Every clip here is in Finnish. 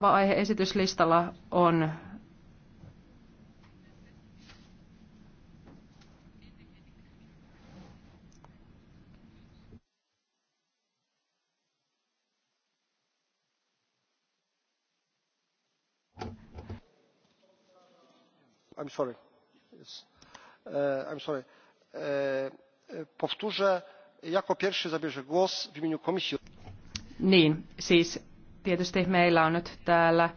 Seuraava aihe esityslistalla on I'm sorry. Yes. Uh, I'm sorry. Uh, uh powtórzę, jako pierwszy zabierze głos w imieniu komisji. Niin, siis Tietysti meillä on nyt täällä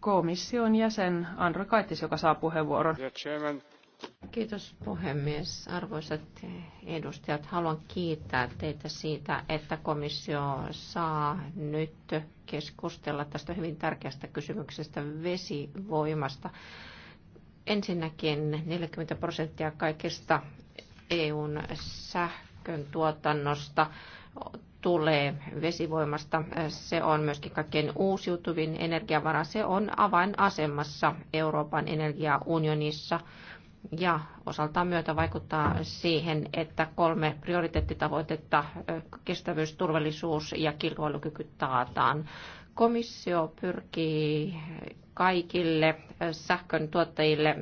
komission jäsen Andro Kaittis, joka saa puheenvuoron. Kiitos puhemies. Arvoisat edustajat, haluan kiittää teitä siitä, että komissio saa nyt keskustella tästä hyvin tärkeästä kysymyksestä vesivoimasta. Ensinnäkin 40 prosenttia kaikista EUn sähkö sähkön tuotannosta tulee vesivoimasta. Se on myöskin kaikkein uusiutuvin energiavara. Se on avainasemassa Euroopan energiaunionissa ja osaltaan myötä vaikuttaa siihen, että kolme prioriteettitavoitetta, kestävyys, turvallisuus ja kilpailukyky taataan. Komissio pyrkii kaikille sähkön tuottajille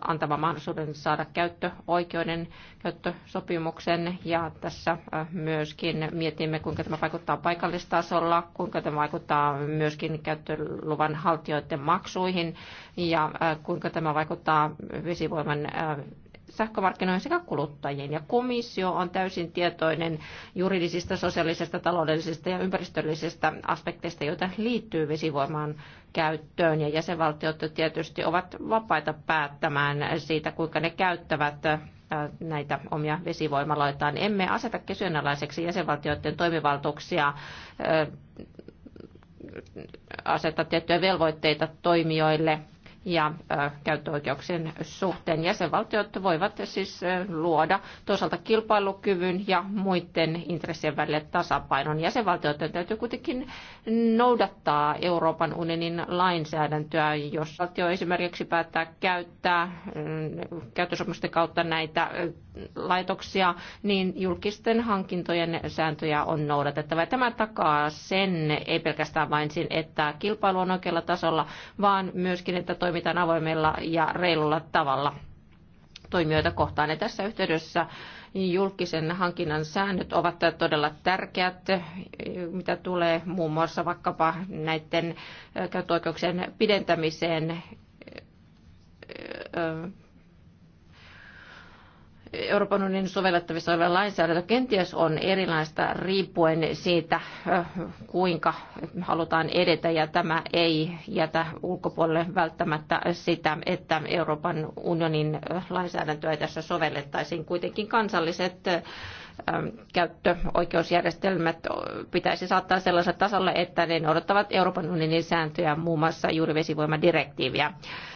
antamaan mahdollisuuden saada käyttöoikeuden, käyttösopimuksen ja tässä myöskin mietimme, kuinka tämä vaikuttaa paikallistasolla, kuinka tämä vaikuttaa myöskin käyttöluvan haltijoiden maksuihin ja kuinka tämä vaikuttaa vesivoiman sähkömarkkinoihin sekä kuluttajien. Ja komissio on täysin tietoinen juridisista, sosiaalisista, taloudellisista ja ympäristöllisistä aspekteista, joita liittyy vesivoimaan käyttöön. Ja jäsenvaltiot tietysti ovat vapaita päättämään siitä, kuinka ne käyttävät äh, näitä omia vesivoimaloitaan. Emme aseta kyseenalaiseksi jäsenvaltioiden toimivaltuuksia äh, asettaa tiettyjä velvoitteita toimijoille ja käyttöoikeuksien suhteen. Jäsenvaltiot voivat siis luoda toisaalta kilpailukyvyn ja muiden intressien välille tasapainon. Jäsenvaltioiden täytyy kuitenkin noudattaa Euroopan unionin lainsäädäntöä, jos valtio esimerkiksi päättää käyttää mm, käyttösopimusten kautta näitä laitoksia, niin julkisten hankintojen sääntöjä on noudatettava. Tämä takaa sen, ei pelkästään vain sen, että kilpailu on oikealla tasolla, vaan myöskin, että toimitaan avoimella ja reilulla tavalla toimijoita kohtaan. Ja tässä yhteydessä julkisen hankinnan säännöt ovat todella tärkeät, mitä tulee muun muassa vaikkapa näiden käyttöoikeuksien pidentämiseen Euroopan unionin sovellettavissa oleva lainsäädäntö kenties on erilaista riippuen siitä, kuinka halutaan edetä, ja tämä ei jätä ulkopuolelle välttämättä sitä, että Euroopan unionin lainsäädäntöä tässä sovellettaisiin. Kuitenkin kansalliset käyttöoikeusjärjestelmät pitäisi saattaa sellaiselle tasolle, että ne noudattavat Euroopan unionin sääntöjä, muun muassa juuri vesivoimadirektiiviä. direktiiviä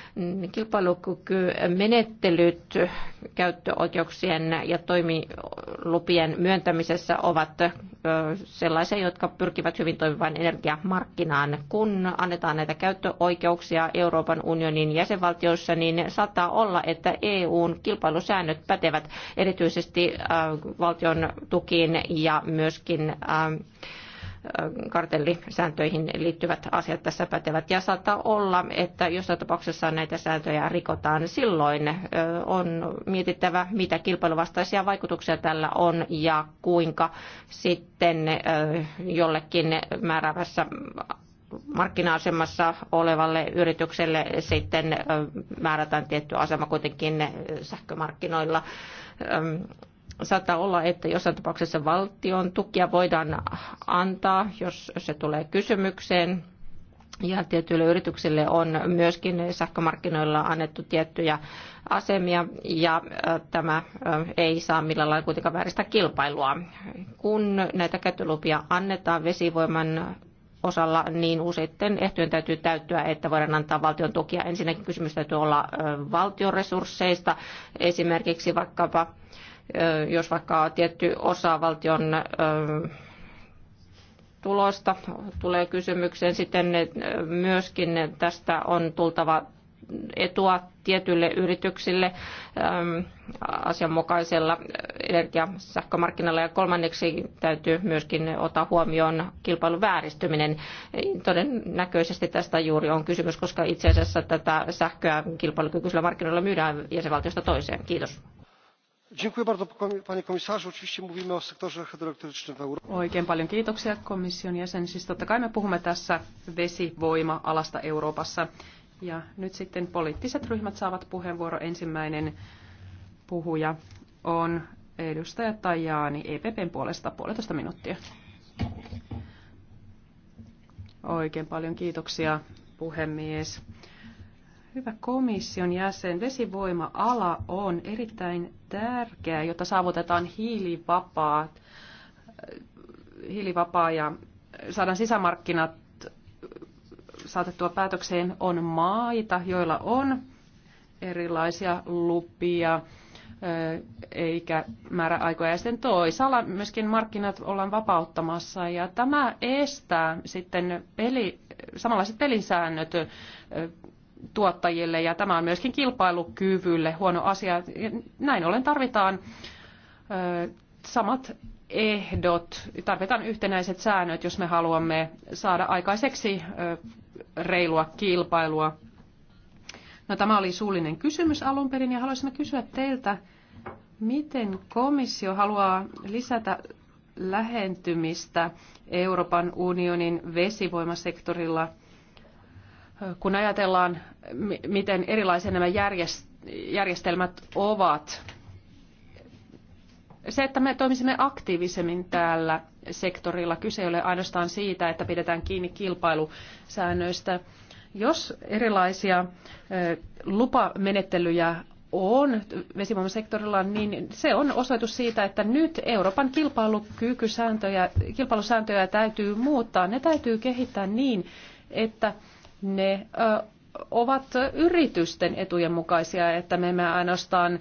kilpailukykymenettelyt käyttöoikeuksien ja toimilupien myöntämisessä ovat sellaisia, jotka pyrkivät hyvin toimivaan energiamarkkinaan. Kun annetaan näitä käyttöoikeuksia Euroopan unionin jäsenvaltioissa, niin saattaa olla, että EUn kilpailusäännöt pätevät erityisesti valtion tukiin ja myöskin kartellisääntöihin liittyvät asiat tässä pätevät. Ja saattaa olla, että jossain tapauksessa näitä sääntöjä rikotaan. Silloin on mietittävä, mitä kilpailuvastaisia vaikutuksia tällä on ja kuinka sitten jollekin määrävässä markkina-asemassa olevalle yritykselle sitten määrätään tietty asema kuitenkin sähkömarkkinoilla Saattaa olla, että jossain tapauksessa valtion tukia voidaan antaa, jos se tulee kysymykseen. Ja tietyille yrityksille on myöskin sähkömarkkinoilla annettu tiettyjä asemia ja tämä ei saa millään lailla kuitenkaan vääristä kilpailua. Kun näitä käyttölupia annetaan vesivoiman osalla, niin useiden ehtojen täytyy täyttyä, että voidaan antaa valtion tukia. Ensinnäkin kysymys täytyy olla valtion resursseista, esimerkiksi vaikkapa jos vaikka tietty osa valtion tulosta tulee kysymykseen, sitten myöskin tästä on tultava etua tietyille yrityksille asianmukaisella energiasähkömarkkinalla ja kolmanneksi täytyy myöskin ottaa huomioon kilpailun vääristyminen. Todennäköisesti tästä juuri on kysymys, koska itse asiassa tätä sähköä kilpailukykyisellä markkinoilla myydään jäsenvaltiosta toiseen. Kiitos. Oikein paljon kiitoksia komission jäsen. Siis totta kai me puhumme tässä vesivoima-alasta Euroopassa. Ja nyt sitten poliittiset ryhmät saavat puheenvuoro. Ensimmäinen puhuja on edustaja Tajani EPPn puolesta puolitoista minuuttia. Oikein paljon kiitoksia puhemies. Hyvä komission jäsen, vesivoima-ala on erittäin tärkeä, jotta saavutetaan hiilivapaa, hiilivapaa ja saadaan sisämarkkinat saatettua päätökseen on maita, joilla on erilaisia lupia eikä määräaikoja. Ja sitten toisaalla myöskin markkinat ollaan vapauttamassa ja tämä estää sitten peli, samanlaiset pelisäännöt tuottajille ja tämä on myöskin kilpailukyvylle huono asia. Näin ollen tarvitaan samat ehdot, tarvitaan yhtenäiset säännöt, jos me haluamme saada aikaiseksi reilua kilpailua. No, tämä oli suullinen kysymys alun perin ja haluaisin kysyä teiltä, miten komissio haluaa lisätä lähentymistä Euroopan unionin vesivoimasektorilla – kun ajatellaan, miten erilaisia nämä järjestelmät ovat, se, että me toimisimme aktiivisemmin täällä sektorilla, kyse ei ole ainoastaan siitä, että pidetään kiinni kilpailusäännöistä. Jos erilaisia lupamenettelyjä on vesivoimasektorilla, niin se on osoitus siitä, että nyt Euroopan kilpailukykysääntöjä, kilpailusääntöjä täytyy muuttaa. Ne täytyy kehittää niin, että ne ovat yritysten etujen mukaisia, että me emme ainoastaan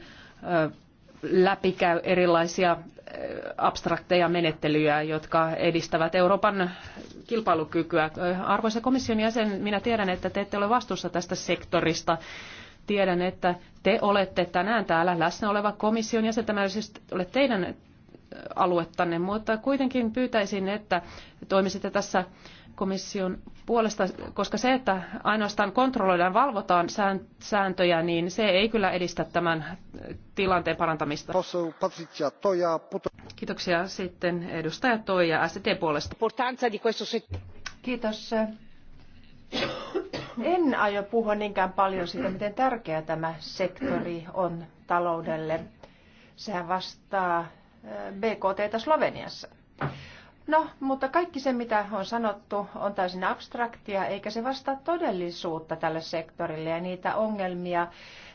läpikäy erilaisia abstrakteja menettelyjä, jotka edistävät Euroopan kilpailukykyä. Arvoisa komission jäsen, minä tiedän, että te ette ole vastuussa tästä sektorista. Tiedän, että te olette tänään täällä läsnä oleva komission jäsen. Tämä ei siis ole teidän aluettanne, mutta kuitenkin pyytäisin, että toimisitte tässä komission puolesta, koska se, että ainoastaan kontrolloidaan, valvotaan sääntöjä, niin se ei kyllä edistä tämän tilanteen parantamista. Kiitoksia sitten edustaja Toija ST puolesta. Kiitos. En aio puhua niinkään paljon siitä, miten tärkeä tämä sektori on taloudelle. Sehän vastaa eh, BKT Sloveniassa. No, mutta kaikki se, mitä on sanottu, on täysin abstraktia, eikä se vastaa todellisuutta tälle sektorille ja niitä ongelmia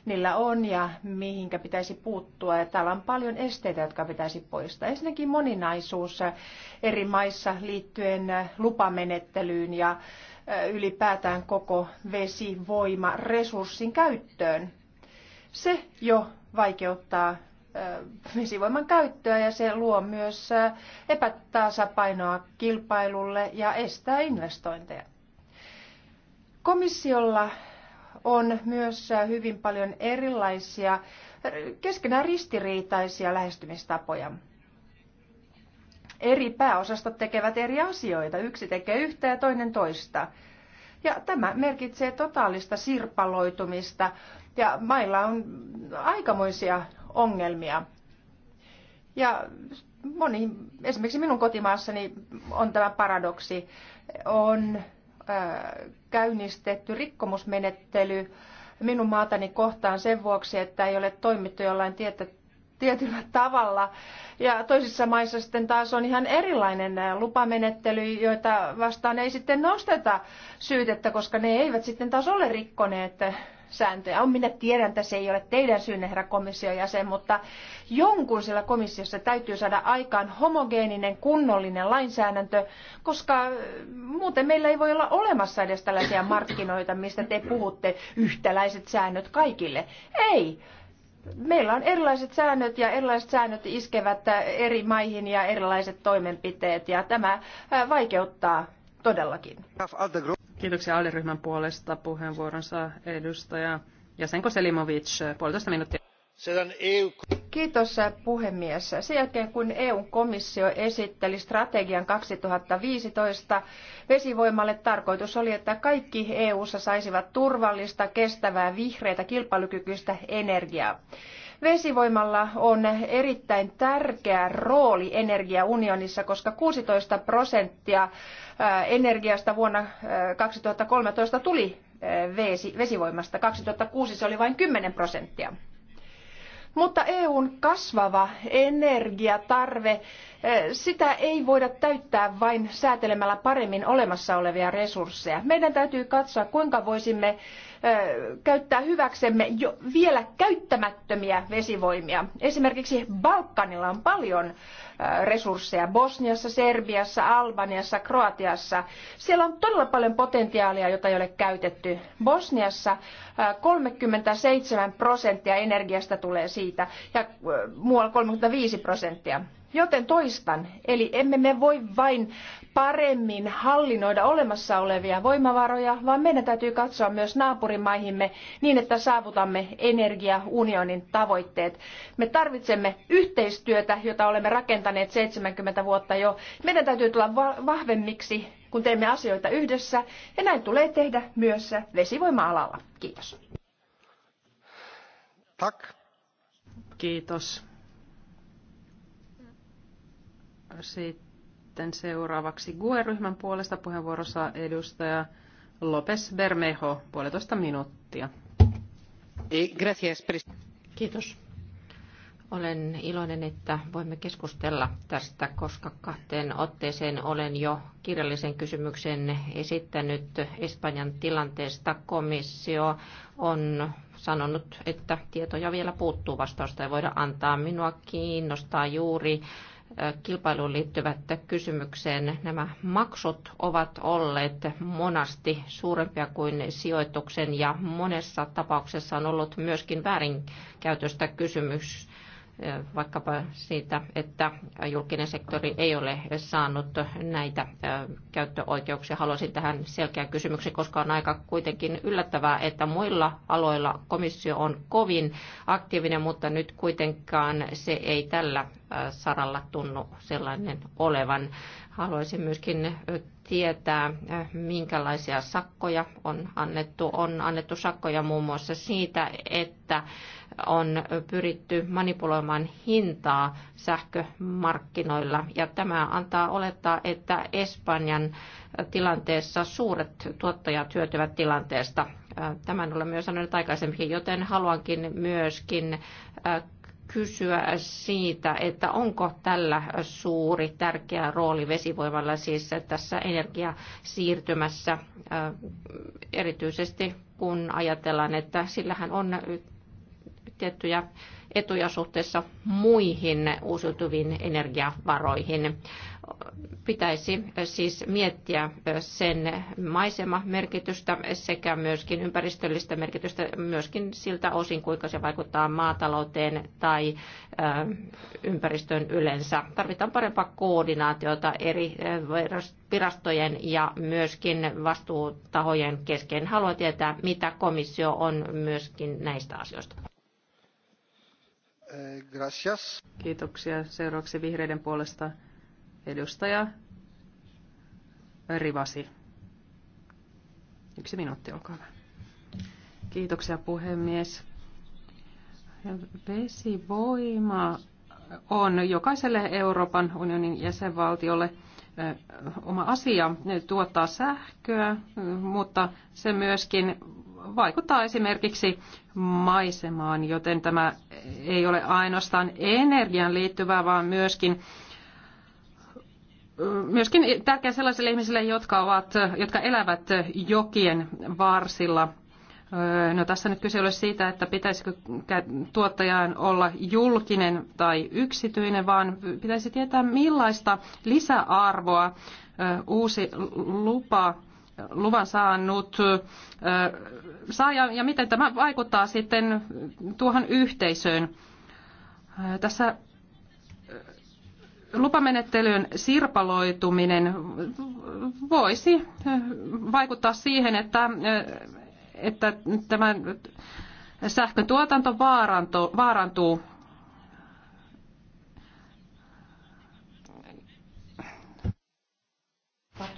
niillä on ja mihinkä pitäisi puuttua. Ja täällä on paljon esteitä, jotka pitäisi poistaa. Ensinnäkin moninaisuus eri maissa liittyen lupamenettelyyn ja ylipäätään koko vesivoimaresurssin käyttöön. Se jo vaikeuttaa vesivoiman käyttöä ja se luo myös epätasapainoa kilpailulle ja estää investointeja. Komissiolla on myös hyvin paljon erilaisia keskenään ristiriitaisia lähestymistapoja. Eri pääosastot tekevät eri asioita. Yksi tekee yhtä ja toinen toista. Ja tämä merkitsee totaalista sirpaloitumista ja mailla on aikamoisia ongelmia. Ja moni, esimerkiksi minun kotimaassani on tämä paradoksi, on käynnistetty rikkomusmenettely minun maatani kohtaan sen vuoksi, että ei ole toimittu jollain tietä, tietyllä tavalla. Ja toisissa maissa sitten taas on ihan erilainen lupamenettely, joita vastaan ei sitten nosteta syytettä, koska ne eivät sitten taas ole rikkoneet sääntöjä on. Minä tiedän, että se ei ole teidän syynne, herra komission jäsen, mutta jonkun siellä komissiossa täytyy saada aikaan homogeeninen, kunnollinen lainsäädäntö, koska äh, muuten meillä ei voi olla olemassa edes tällaisia markkinoita, mistä te puhutte, yhtäläiset säännöt kaikille. Ei! meillä on erilaiset säännöt ja erilaiset säännöt iskevät äh, eri maihin ja erilaiset toimenpiteet ja tämä äh, vaikeuttaa todellakin. Kiitoksia aliryhmän puolesta puheenvuoronsa edustaja Jasenko Selimovic, puolitoista minuuttia. E Kiitos puhemies. Sen jälkeen kun EU-komissio esitteli strategian 2015 vesivoimalle, tarkoitus oli, että kaikki EU-ssa saisivat turvallista, kestävää, vihreitä, kilpailukykyistä energiaa. Vesivoimalla on erittäin tärkeä rooli energiaunionissa, koska 16 prosenttia energiasta vuonna 2013 tuli vesivoimasta. 2006 se oli vain 10 prosenttia. Mutta EUn kasvava energiatarve, sitä ei voida täyttää vain säätelemällä paremmin olemassa olevia resursseja. Meidän täytyy katsoa, kuinka voisimme käyttää hyväksemme jo vielä käyttämättömiä vesivoimia. Esimerkiksi Balkanilla on paljon resursseja Bosniassa, Serbiassa, Albaniassa, Kroatiassa. Siellä on todella paljon potentiaalia, jota ei ole käytetty. Bosniassa 37 prosenttia energiasta tulee siitä ja muualla 35 prosenttia. Joten toistan, eli emme me voi vain paremmin hallinnoida olemassa olevia voimavaroja, vaan meidän täytyy katsoa myös naapurimaihimme niin, että saavutamme energiaunionin tavoitteet. Me tarvitsemme yhteistyötä, jota olemme rakentaneet 70 vuotta jo. Meidän täytyy tulla vahvemmiksi, kun teemme asioita yhdessä, ja näin tulee tehdä myös vesivoima-alalla. Kiitos. Tak. Kiitos. Sitten seuraavaksi GUE-ryhmän puolesta puheenvuorossa edustaja López Bermejo, puolitoista minuuttia. Kiitos. Olen iloinen, että voimme keskustella tästä, koska kahteen otteeseen olen jo kirjallisen kysymyksen esittänyt Espanjan tilanteesta. Komissio on sanonut, että tietoja vielä puuttuu, vastausta ja voida antaa. Minua kiinnostaa juuri kilpailuun liittyvät kysymykseen. Nämä maksut ovat olleet monasti suurempia kuin sijoituksen ja monessa tapauksessa on ollut myöskin väärinkäytöstä kysymys vaikkapa siitä, että julkinen sektori ei ole saanut näitä käyttöoikeuksia. Haluaisin tähän selkeän kysymyksen, koska on aika kuitenkin yllättävää, että muilla aloilla komissio on kovin aktiivinen, mutta nyt kuitenkaan se ei tällä saralla tunnu sellainen olevan. Haluaisin myöskin tietää, minkälaisia sakkoja on annettu. On annettu sakkoja muun muassa siitä, että on pyritty manipuloimaan hintaa sähkömarkkinoilla. Ja tämä antaa olettaa, että Espanjan tilanteessa suuret tuottajat hyötyvät tilanteesta. Tämän olen myös sanonut aikaisemmin, joten haluankin myöskin kysyä siitä, että onko tällä suuri tärkeä rooli vesivoimalla siis tässä energiasiirtymässä, äh, erityisesti kun ajatellaan, että sillähän on äh, tiettyjä etuja suhteessa muihin uusiutuviin energiavaroihin. Pitäisi siis miettiä sen maisemamerkitystä sekä myöskin ympäristöllistä merkitystä myöskin siltä osin, kuinka se vaikuttaa maatalouteen tai ympäristöön yleensä. Tarvitaan parempaa koordinaatiota eri virastojen ja myöskin vastuutahojen kesken. Haluan tietää, mitä komissio on myöskin näistä asioista. Eh, gracias. Kiitoksia. Seuraavaksi vihreiden puolesta edustaja Rivasi. Yksi minuutti, olkaa hyvä. Kiitoksia puhemies. Vesivoima on jokaiselle Euroopan unionin jäsenvaltiolle eh, oma asia eh, tuottaa sähköä, mutta se myöskin vaikuttaa esimerkiksi maisemaan, joten tämä ei ole ainoastaan energian liittyvää, vaan myöskin myöskin tärkeä sellaisille ihmisille, jotka, ovat, jotka elävät jokien varsilla. No tässä nyt kyse ole siitä, että pitäisikö tuottajan olla julkinen tai yksityinen, vaan pitäisi tietää millaista lisäarvoa uusi lupa luvan saanut saa ja miten tämä vaikuttaa sitten tuohon yhteisöön. Tässä lupamenettelyn sirpaloituminen voisi vaikuttaa siihen, että, että tämä sähkön tuotanto vaarantuu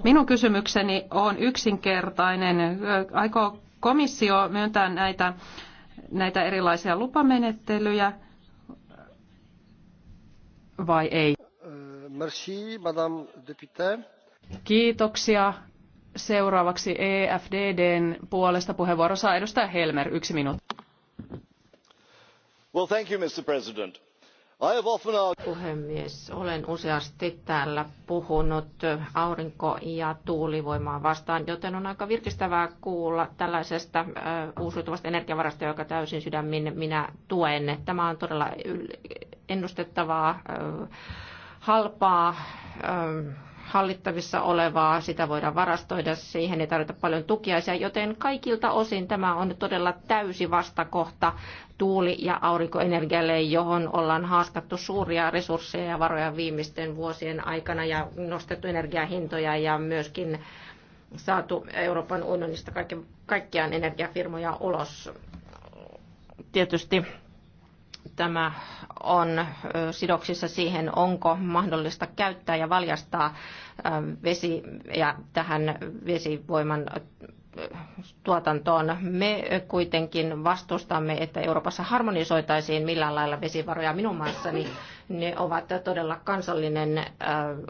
Minun kysymykseni on yksinkertainen. Aikoo komissio myöntää näitä, näitä erilaisia lupamenettelyjä vai ei? Euh, merci, Madame Kiitoksia. Seuraavaksi EFDDn puolesta puheenvuoro saa edustaja Helmer. Yksi minuutti. Well, thank you, Mr. President Puhemies, olen useasti täällä puhunut aurinko- ja tuulivoimaa vastaan, joten on aika virkistävää kuulla tällaisesta uusiutuvasta energiavarasta, joka täysin sydämin minä tuen. Tämä on todella ennustettavaa, halpaa hallittavissa olevaa, sitä voidaan varastoida, siihen ei tarvita paljon tukiaisia, joten kaikilta osin tämä on todella täysi vastakohta tuuli- ja aurinkoenergialle, johon ollaan haaskattu suuria resursseja ja varoja viimeisten vuosien aikana ja nostettu energiahintoja ja myöskin saatu Euroopan unionista kaikkiaan energiafirmoja ulos. Tietysti tämä on sidoksissa siihen, onko mahdollista käyttää ja valjastaa vesi ja tähän vesivoiman tuotantoon. Me kuitenkin vastustamme, että Euroopassa harmonisoitaisiin millään lailla vesivaroja minun maassani. Ne ovat todella kansallinen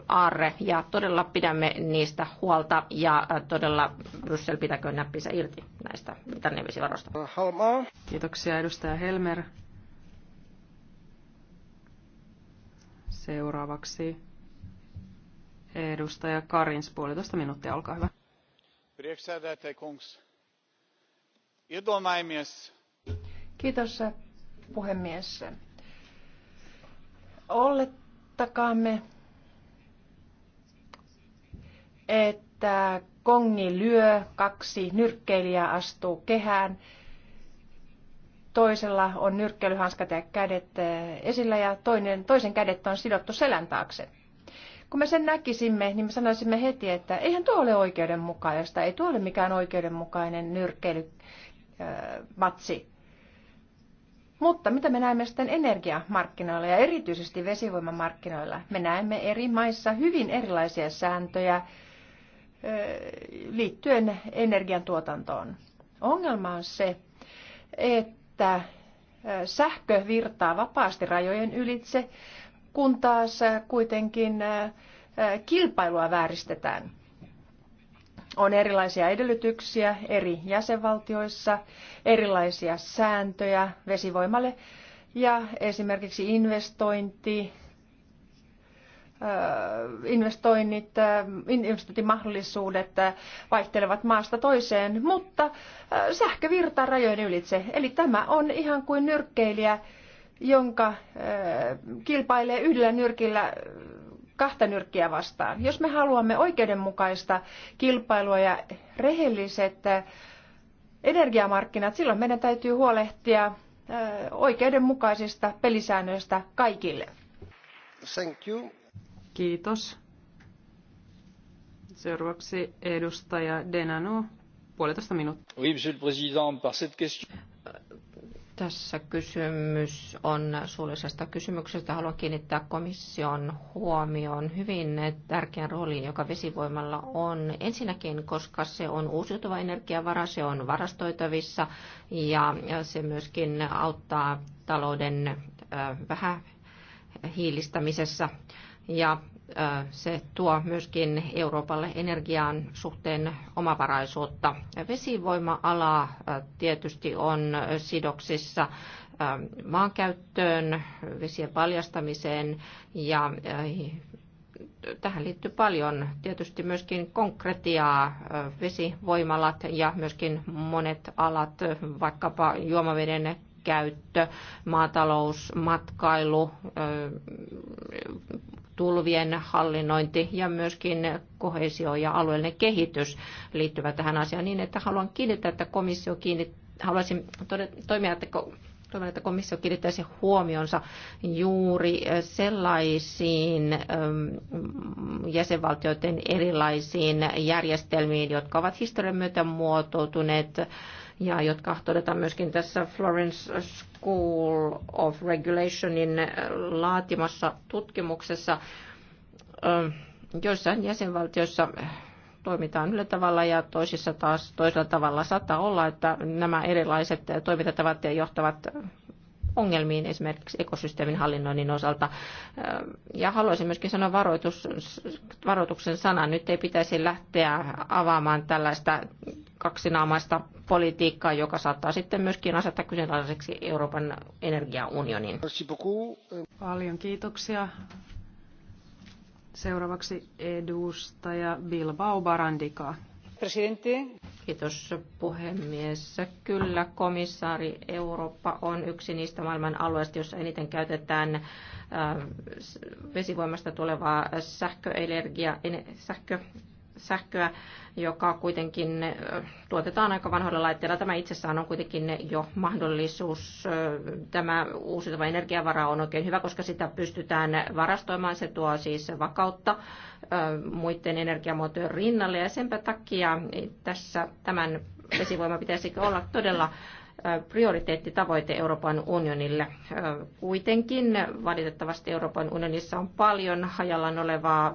aarre ja todella pidämme niistä huolta ja todella Bryssel pitäköön näppisä irti näistä tänne vesivaroista. Kiitoksia edustaja Helmer. Seuraavaksi edustaja Karins, puolitoista minuuttia, olkaa hyvä. Kiitos puhemies. Olettakaamme, että kongi lyö, kaksi nyrkkeilijää astuu kehään – toisella on nyrkkeilyhanskat ja kädet eh, esillä ja toinen, toisen kädet on sidottu selän taakse. Kun me sen näkisimme, niin me sanoisimme heti, että eihän tuo ole oikeudenmukaista, ei tuo ole mikään oikeudenmukainen nyrkkeilymatsi. Eh, Mutta mitä me näemme sitten energiamarkkinoilla ja erityisesti vesivoimamarkkinoilla? Me näemme eri maissa hyvin erilaisia sääntöjä eh, liittyen energiantuotantoon. Ongelma on se, että että sähkö virtaa vapaasti rajojen ylitse, kun taas kuitenkin kilpailua vääristetään. On erilaisia edellytyksiä eri jäsenvaltioissa, erilaisia sääntöjä vesivoimalle ja esimerkiksi investointi investoinnit, investointimahdollisuudet vaihtelevat maasta toiseen, mutta sähkö virtaa rajojen ylitse. Eli tämä on ihan kuin nyrkkeilijä, jonka kilpailee yhdellä nyrkillä kahta nyrkkiä vastaan. Jos me haluamme oikeudenmukaista kilpailua ja rehelliset energiamarkkinat, silloin meidän täytyy huolehtia oikeudenmukaisista pelisäännöistä kaikille. Thank you. Kiitos. Seuraavaksi edustaja Denano, puolitoista minuuttia. Oui, monsieur le président, par cette question... Tässä kysymys on suullisesta kysymyksestä. Haluan kiinnittää komission huomioon hyvin tärkeän roolin, joka vesivoimalla on. Ensinnäkin, koska se on uusiutuva energiavara, se on varastoitavissa ja se myöskin auttaa talouden vähän hiilistämisessä ja se tuo myöskin Euroopalle energian suhteen omavaraisuutta. Vesivoima-ala tietysti on sidoksissa maankäyttöön, vesien paljastamiseen ja tähän liittyy paljon tietysti myöskin konkretiaa, vesivoimalat ja myöskin monet alat, vaikkapa juomaveden käyttö, maatalous, matkailu, tulvien hallinnointi ja myöskin kohesio ja alueellinen kehitys liittyvät tähän asiaan niin, että haluan kiinnittää, että komissio kiinnittää, haluaisin toimia, että toivon, että komissio kiinnittäisi huomionsa juuri sellaisiin jäsenvaltioiden erilaisiin järjestelmiin, jotka ovat historian myötä muotoutuneet ja jotka todetaan myöskin tässä Florence School of Regulationin äh, laatimassa tutkimuksessa. Äh, joissain jäsenvaltioissa äh, toimitaan yllä tavalla ja toisissa taas toisella tavalla. Saattaa olla, että nämä erilaiset toimintatavat johtavat ongelmiin esimerkiksi ekosysteemin hallinnoinnin osalta. Ja haluaisin myöskin sanoa varoitus, varoituksen sanan. Nyt ei pitäisi lähteä avaamaan tällaista kaksinaamaista politiikkaa, joka saattaa sitten myöskin asettaa kyseenalaiseksi Euroopan energiaunionin. Paljon kiitoksia. Seuraavaksi edustaja Bilbao Barandika. Presidente. Kiitos puhemies. Kyllä komissaari, Eurooppa on yksi niistä maailman alueista, jossa eniten käytetään äh, vesivoimasta tulevaa sähköenergiaa, sähkö sähköä, joka kuitenkin tuotetaan aika vanhoilla laitteilla. Tämä itsessään on kuitenkin jo mahdollisuus. Tämä uusiutuva energiavara on oikein hyvä, koska sitä pystytään varastoimaan. Se tuo siis vakautta muiden energiamuotojen rinnalle ja senpä takia tässä tämän vesivoima pitäisi olla todella prioriteettitavoite Euroopan unionille. Kuitenkin valitettavasti Euroopan unionissa on paljon hajallaan olevaa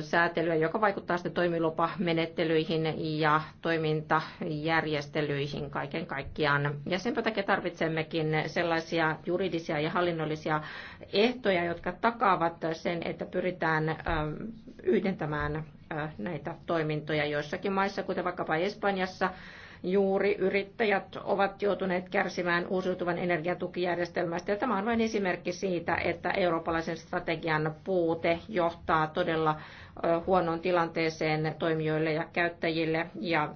säätelyä, joka vaikuttaa sitten toimilupamenettelyihin ja toimintajärjestelyihin kaiken kaikkiaan. Ja sen takia tarvitsemmekin sellaisia juridisia ja hallinnollisia ehtoja, jotka takaavat sen, että pyritään yhdentämään näitä toimintoja joissakin maissa, kuten vaikkapa Espanjassa, juuri yrittäjät ovat joutuneet kärsimään uusiutuvan energiatukijärjestelmästä. Ja tämä on vain esimerkki siitä, että eurooppalaisen strategian puute johtaa todella huonoon tilanteeseen toimijoille ja käyttäjille ja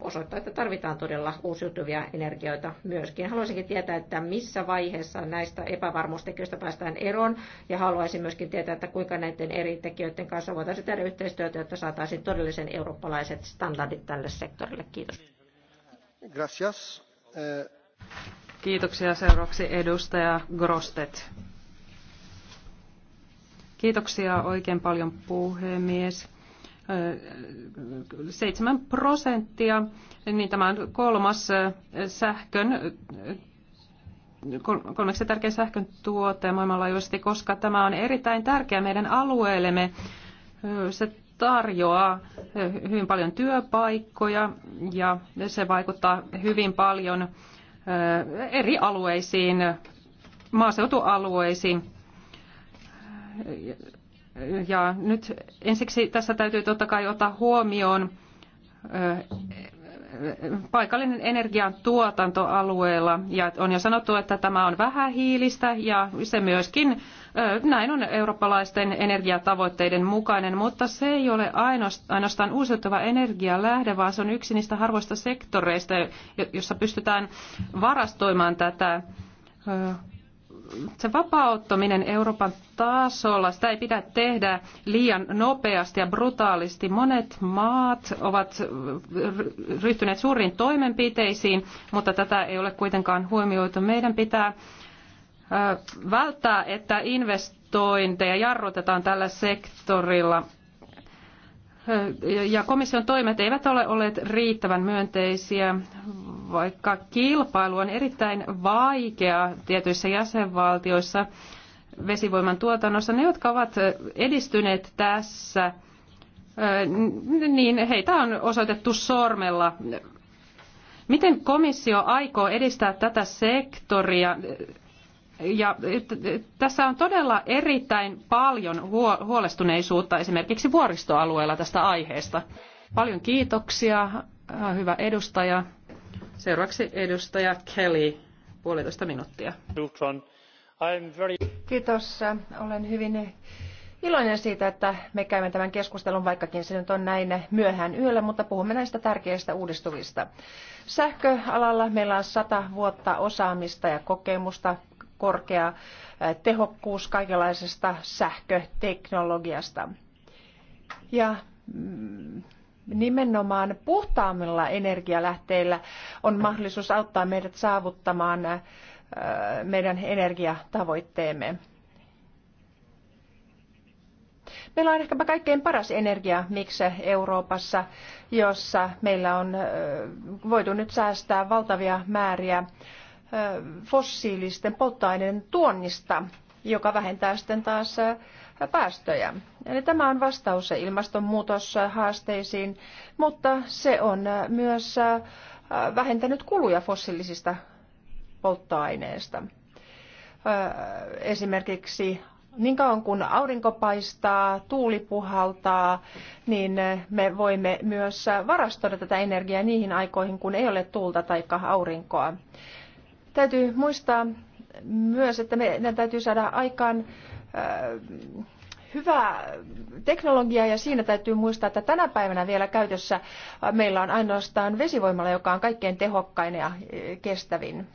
osoittaa, että tarvitaan todella uusiutuvia energioita myöskin. Haluaisinkin tietää, että missä vaiheessa näistä epävarmuustekijöistä päästään eroon ja haluaisin myöskin tietää, että kuinka näiden eri tekijöiden kanssa voitaisiin tehdä yhteistyötä, jotta saataisiin todellisen eurooppalaiset standardit tälle sektorille. Kiitos. Eh, Kiitoksia. Seuraavaksi edustaja Grostet. Kiitoksia oikein paljon puhemies. 7 prosenttia, niin tämä on kolmas sähkön kolmeksi tärkeä sähkön tuote maailmanlaajuisesti, koska tämä on erittäin tärkeä meidän alueellemme. Se tarjoaa hyvin paljon työpaikkoja ja se vaikuttaa hyvin paljon eh, eri alueisiin, maaseutualueisiin. Ja nyt ensiksi tässä täytyy totta kai ottaa huomioon eh, paikallinen energiantuotanto tuotanto alueella. Ja on jo sanottu, että tämä on vähähiilistä ja se myöskin näin on eurooppalaisten energiatavoitteiden mukainen, mutta se ei ole ainoastaan uusiutuva energialähde, vaan se on yksi niistä harvoista sektoreista, jossa pystytään varastoimaan tätä se vapauttaminen Euroopan tasolla, sitä ei pidä tehdä liian nopeasti ja brutaalisti. Monet maat ovat ryhtyneet suuriin toimenpiteisiin, mutta tätä ei ole kuitenkaan huomioitu. Meidän pitää välttää, että investointeja jarrutetaan tällä sektorilla. Ja komission toimet eivät ole olleet riittävän myönteisiä vaikka kilpailu on erittäin vaikea tietyissä jäsenvaltioissa vesivoiman tuotannossa, ne, jotka ovat edistyneet tässä, niin heitä on osoitettu sormella. Miten komissio aikoo edistää tätä sektoria? Ja tässä on todella erittäin paljon huolestuneisuutta esimerkiksi vuoristoalueella tästä aiheesta. Paljon kiitoksia, hyvä edustaja. Seuraavaksi edustaja Kelly, puolitoista minuuttia. Kiitos. Olen hyvin iloinen siitä, että me käymme tämän keskustelun, vaikkakin se nyt on näin myöhään yöllä, mutta puhumme näistä tärkeistä uudistuvista. Sähköalalla meillä on sata vuotta osaamista ja kokemusta, korkea tehokkuus kaikenlaisesta sähköteknologiasta. Ja mm, nimenomaan puhtaammilla energialähteillä on mahdollisuus auttaa meidät saavuttamaan äh, meidän energiatavoitteemme. Meillä on ehkäpä kaikkein paras energia, miksi Euroopassa, jossa meillä on äh, voitu nyt säästää valtavia määriä äh, fossiilisten polttoaineiden tuonnista joka vähentää sitten taas päästöjä. Eli tämä on vastaus ilmastonmuutoshaasteisiin, mutta se on myös vähentänyt kuluja fossiilisista polttoaineista. Esimerkiksi niin kauan kun aurinko paistaa, tuuli puhaltaa, niin me voimme myös varastoida tätä energiaa niihin aikoihin, kun ei ole tuulta tai aurinkoa. Täytyy muistaa, myös, että meidän täytyy saada aikaan hyvää teknologiaa ja siinä täytyy muistaa, että tänä päivänä vielä käytössä meillä on ainoastaan vesivoimalla, joka on kaikkein tehokkain ja e, kestävin.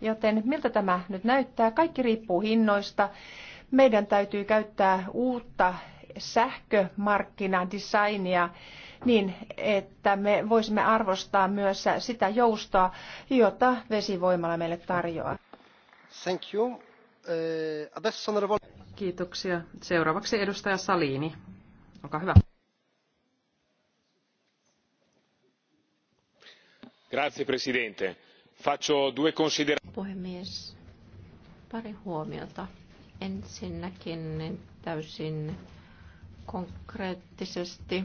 Joten miltä tämä nyt näyttää? Kaikki riippuu hinnoista. Meidän täytyy käyttää uutta sähkömarkkinadesignia niin, että me voisimme arvostaa myös sitä joustoa, jota vesivoimalla meille tarjoaa. Eh, Kiitoksia. Seuraavaksi edustaja Salini. Olkaa hyvä. Grazie, presidente. Faccio due considera- Puhemies, pari huomiota. Ensinnäkin täysin konkreettisesti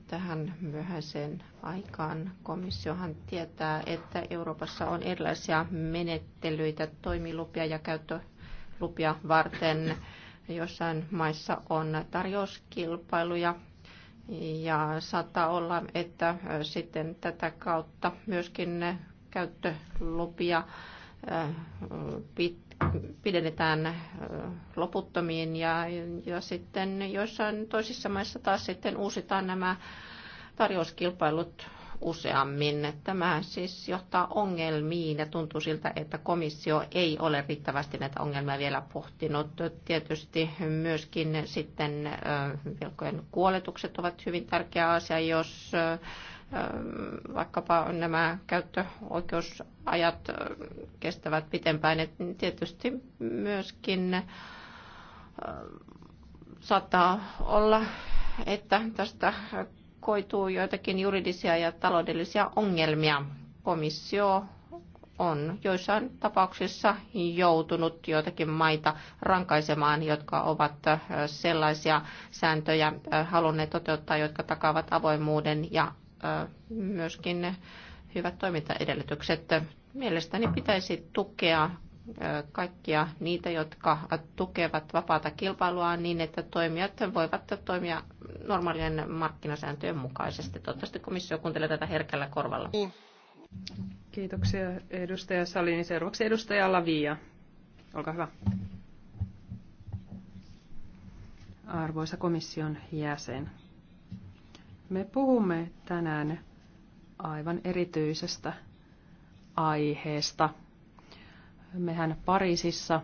tähän myöhäiseen aikaan. Komissiohan tietää, että Euroopassa on erilaisia menettelyitä toimilupia ja käyttölupia varten. Jossain maissa on tarjouskilpailuja ja saattaa olla, että sitten tätä kautta myöskin käyttölupia pidennetään loputtomiin ja, ja sitten joissain toisissa maissa taas sitten uusitaan nämä tarjouskilpailut useammin. Tämä siis johtaa ongelmiin ja tuntuu siltä, että komissio ei ole riittävästi näitä ongelmia vielä pohtinut. Tietysti myöskin sitten velkojen kuoletukset ovat hyvin tärkeä asia, jos vaikkapa nämä käyttöoikeusajat kestävät pitempään, että tietysti myöskin saattaa olla, että tästä koituu joitakin juridisia ja taloudellisia ongelmia. Komissio on joissain tapauksissa joutunut joitakin maita rankaisemaan, jotka ovat sellaisia sääntöjä halunneet toteuttaa, jotka takaavat avoimuuden ja myöskin hyvät toimintaedellytykset. Mielestäni pitäisi tukea kaikkia niitä, jotka tukevat vapaata kilpailua niin, että toimijat voivat toimia normaalien markkinasääntöjen mukaisesti. Toivottavasti komissio kuuntelee tätä herkällä korvalla. Kiitoksia edustaja Salini. Seuraavaksi edustaja Lavia. Olkaa hyvä. Arvoisa komission jäsen, me puhumme tänään aivan erityisestä aiheesta. Mehän Pariisissa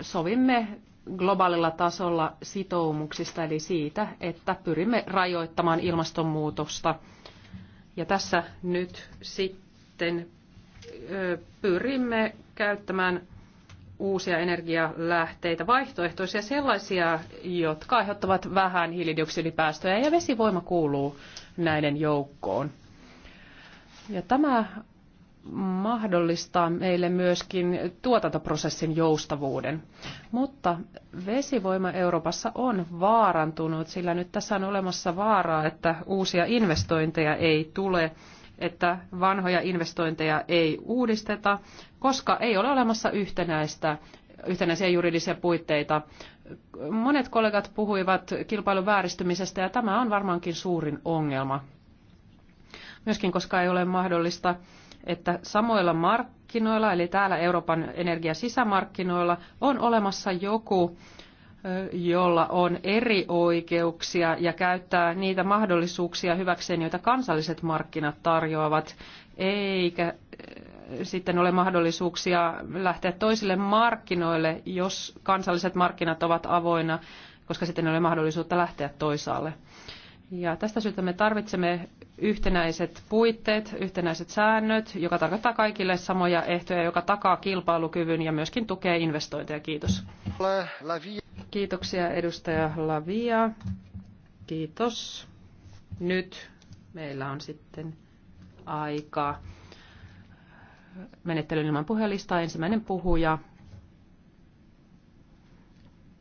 sovimme globaalilla tasolla sitoumuksista, eli siitä, että pyrimme rajoittamaan ilmastonmuutosta. Ja tässä nyt sitten pyrimme käyttämään uusia energialähteitä, vaihtoehtoisia sellaisia, jotka aiheuttavat vähän hiilidioksidipäästöjä ja vesivoima kuuluu näiden joukkoon. Ja tämä mahdollistaa meille myöskin tuotantoprosessin joustavuuden. Mutta vesivoima Euroopassa on vaarantunut, sillä nyt tässä on olemassa vaaraa, että uusia investointeja ei tule että vanhoja investointeja ei uudisteta, koska ei ole olemassa yhtenäistä, yhtenäisiä juridisia puitteita. Monet kollegat puhuivat kilpailun vääristymisestä ja tämä on varmaankin suurin ongelma. Myöskin koska ei ole mahdollista, että samoilla markkinoilla, eli täällä Euroopan energiasisämarkkinoilla, on olemassa joku jolla on eri oikeuksia ja käyttää niitä mahdollisuuksia hyväkseen, joita kansalliset markkinat tarjoavat, eikä sitten ole mahdollisuuksia lähteä toisille markkinoille, jos kansalliset markkinat ovat avoina, koska sitten ei ole mahdollisuutta lähteä toisaalle. Ja tästä syystä me tarvitsemme yhtenäiset puitteet, yhtenäiset säännöt, joka tarkoittaa kaikille samoja ehtoja, joka takaa kilpailukyvyn ja myöskin tukee investointeja. Kiitos. Kiitoksia edustaja Lavia. Kiitos. Nyt meillä on sitten aikaa menettelyn ilman puhelistaa. Ensimmäinen puhuja,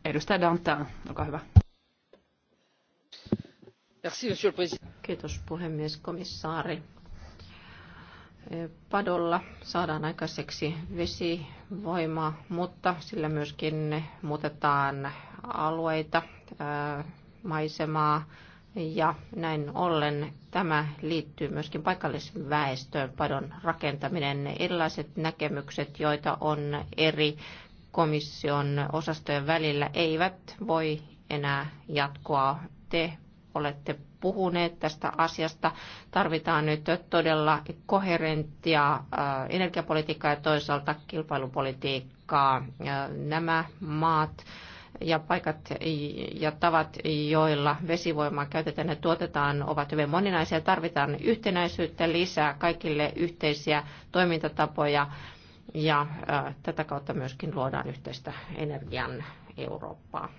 edustaja Dantin, olkaa hyvä. Kiitos puhemies, komissaari. Eh, padolla saadaan aikaiseksi vesivoima, mutta sillä myöskin muutetaan alueita, eh, maisemaa ja näin ollen tämä liittyy myöskin paikallisväestöön padon rakentaminen. Erilaiset näkemykset, joita on eri komission osastojen välillä, eivät voi enää jatkoa. Te olette puhuneet tästä asiasta. Tarvitaan nyt todella koherenttia äh, energiapolitiikkaa ja toisaalta kilpailupolitiikkaa. Äh, nämä maat ja paikat ja tavat, joilla vesivoimaa käytetään ja tuotetaan, ovat hyvin moninaisia. Tarvitaan yhtenäisyyttä lisää kaikille yhteisiä toimintatapoja ja äh, tätä kautta myöskin luodaan yhteistä energian Eurooppaa.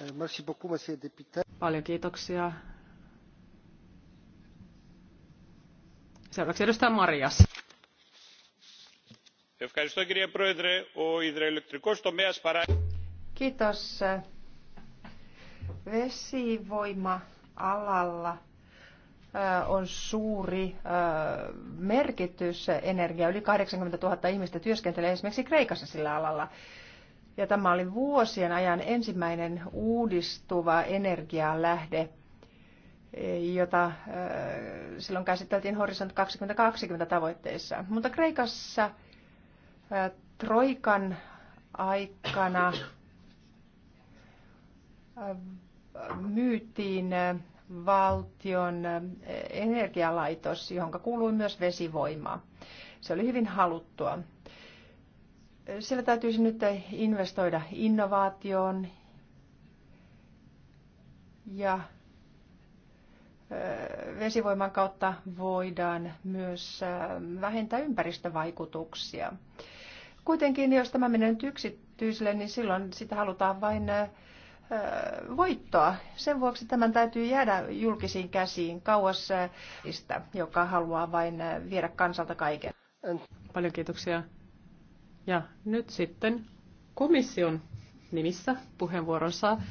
Euh, Paljon kiitoksia. Seuraavaksi edustaja Marias. Kiitos. Vesivoima-alalla on suuri merkitys energia. Yli 80 000 ihmistä työskentelee esimerkiksi Kreikassa sillä alalla. Ja tämä oli vuosien ajan ensimmäinen uudistuva energialähde, jota äh, silloin käsiteltiin Horizon 2020 tavoitteissa. Mutta Kreikassa äh, Troikan aikana äh, myytiin valtion energialaitos, johon kuului myös vesivoima. Se oli hyvin haluttua siellä täytyisi nyt investoida innovaatioon ja vesivoiman kautta voidaan myös vähentää ympäristövaikutuksia. Kuitenkin, jos tämä menee nyt yksityiselle, niin silloin sitä halutaan vain voittoa. Sen vuoksi tämän täytyy jäädä julkisiin käsiin kauas joka haluaa vain viedä kansalta kaiken. Paljon kiitoksia. Ja nyt sitten komission nimissä puheenvuoron saa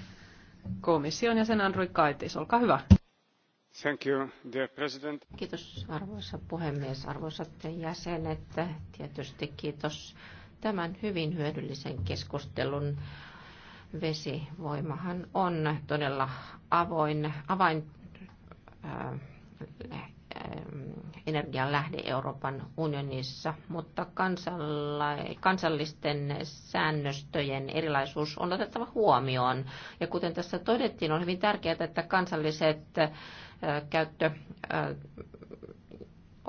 komission jäsen Andrew Kaitis. Olkaa hyvä. Thank you, dear president. Kiitos arvoisa puhemies, arvoisat jäsenet. Tietysti kiitos tämän hyvin hyödyllisen keskustelun. Vesivoimahan on todella avoin, avain äh, energian lähde Euroopan unionissa, mutta kansallisten säännöstöjen erilaisuus on otettava huomioon. Ja kuten tässä todettiin, on hyvin tärkeää, että kansalliset käyttö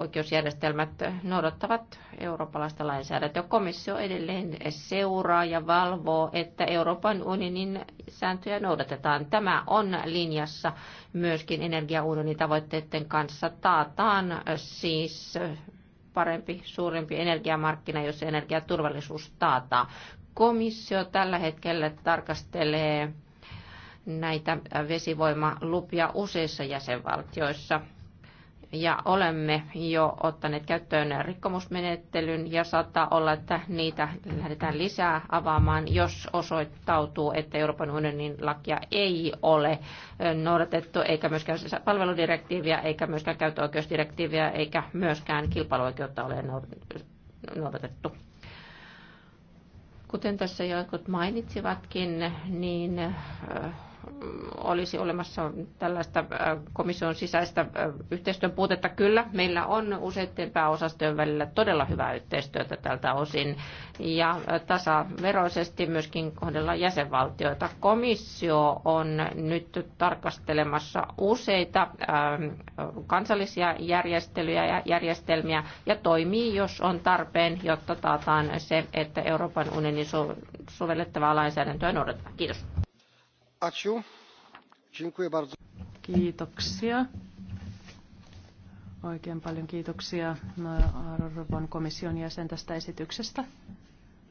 oikeusjärjestelmät noudattavat eurooppalaista lainsäädäntöä. Komissio edelleen seuraa ja valvoo, että Euroopan unionin sääntöjä noudatetaan. Tämä on linjassa myöskin energiaunionin tavoitteiden kanssa. Taataan siis parempi, suurempi energiamarkkina, jos energiaturvallisuus taataan. Komissio tällä hetkellä tarkastelee näitä vesivoimalupia useissa jäsenvaltioissa ja olemme jo ottaneet käyttöön rikkomusmenettelyn ja saattaa olla, että niitä lähdetään lisää avaamaan, jos osoittautuu, että Euroopan unionin lakia ei ole noudatettu, eikä myöskään palveludirektiiviä, eikä myöskään käyttöoikeusdirektiiviä, eikä myöskään kilpailuoikeutta ole noudatettu. Kuten tässä jotkut mainitsivatkin, niin olisi olemassa tällaista äh, komission sisäistä äh, yhteistyön puutetta. Kyllä, meillä on useiden pääosastojen välillä todella hyvää yhteistyötä tältä osin ja äh, tasaveroisesti myöskin kohdella jäsenvaltioita. Komissio on nyt tarkastelemassa useita kansallisia järjestelyjä ja järjestelmiä ja toimii, jos on tarpeen, jotta taataan se, että Euroopan unionin sovellettavaa lainsäädäntöä noudatetaan. Kiitos. Kiitoksia. Oikein paljon kiitoksia arvon no, komission jäsen tästä esityksestä.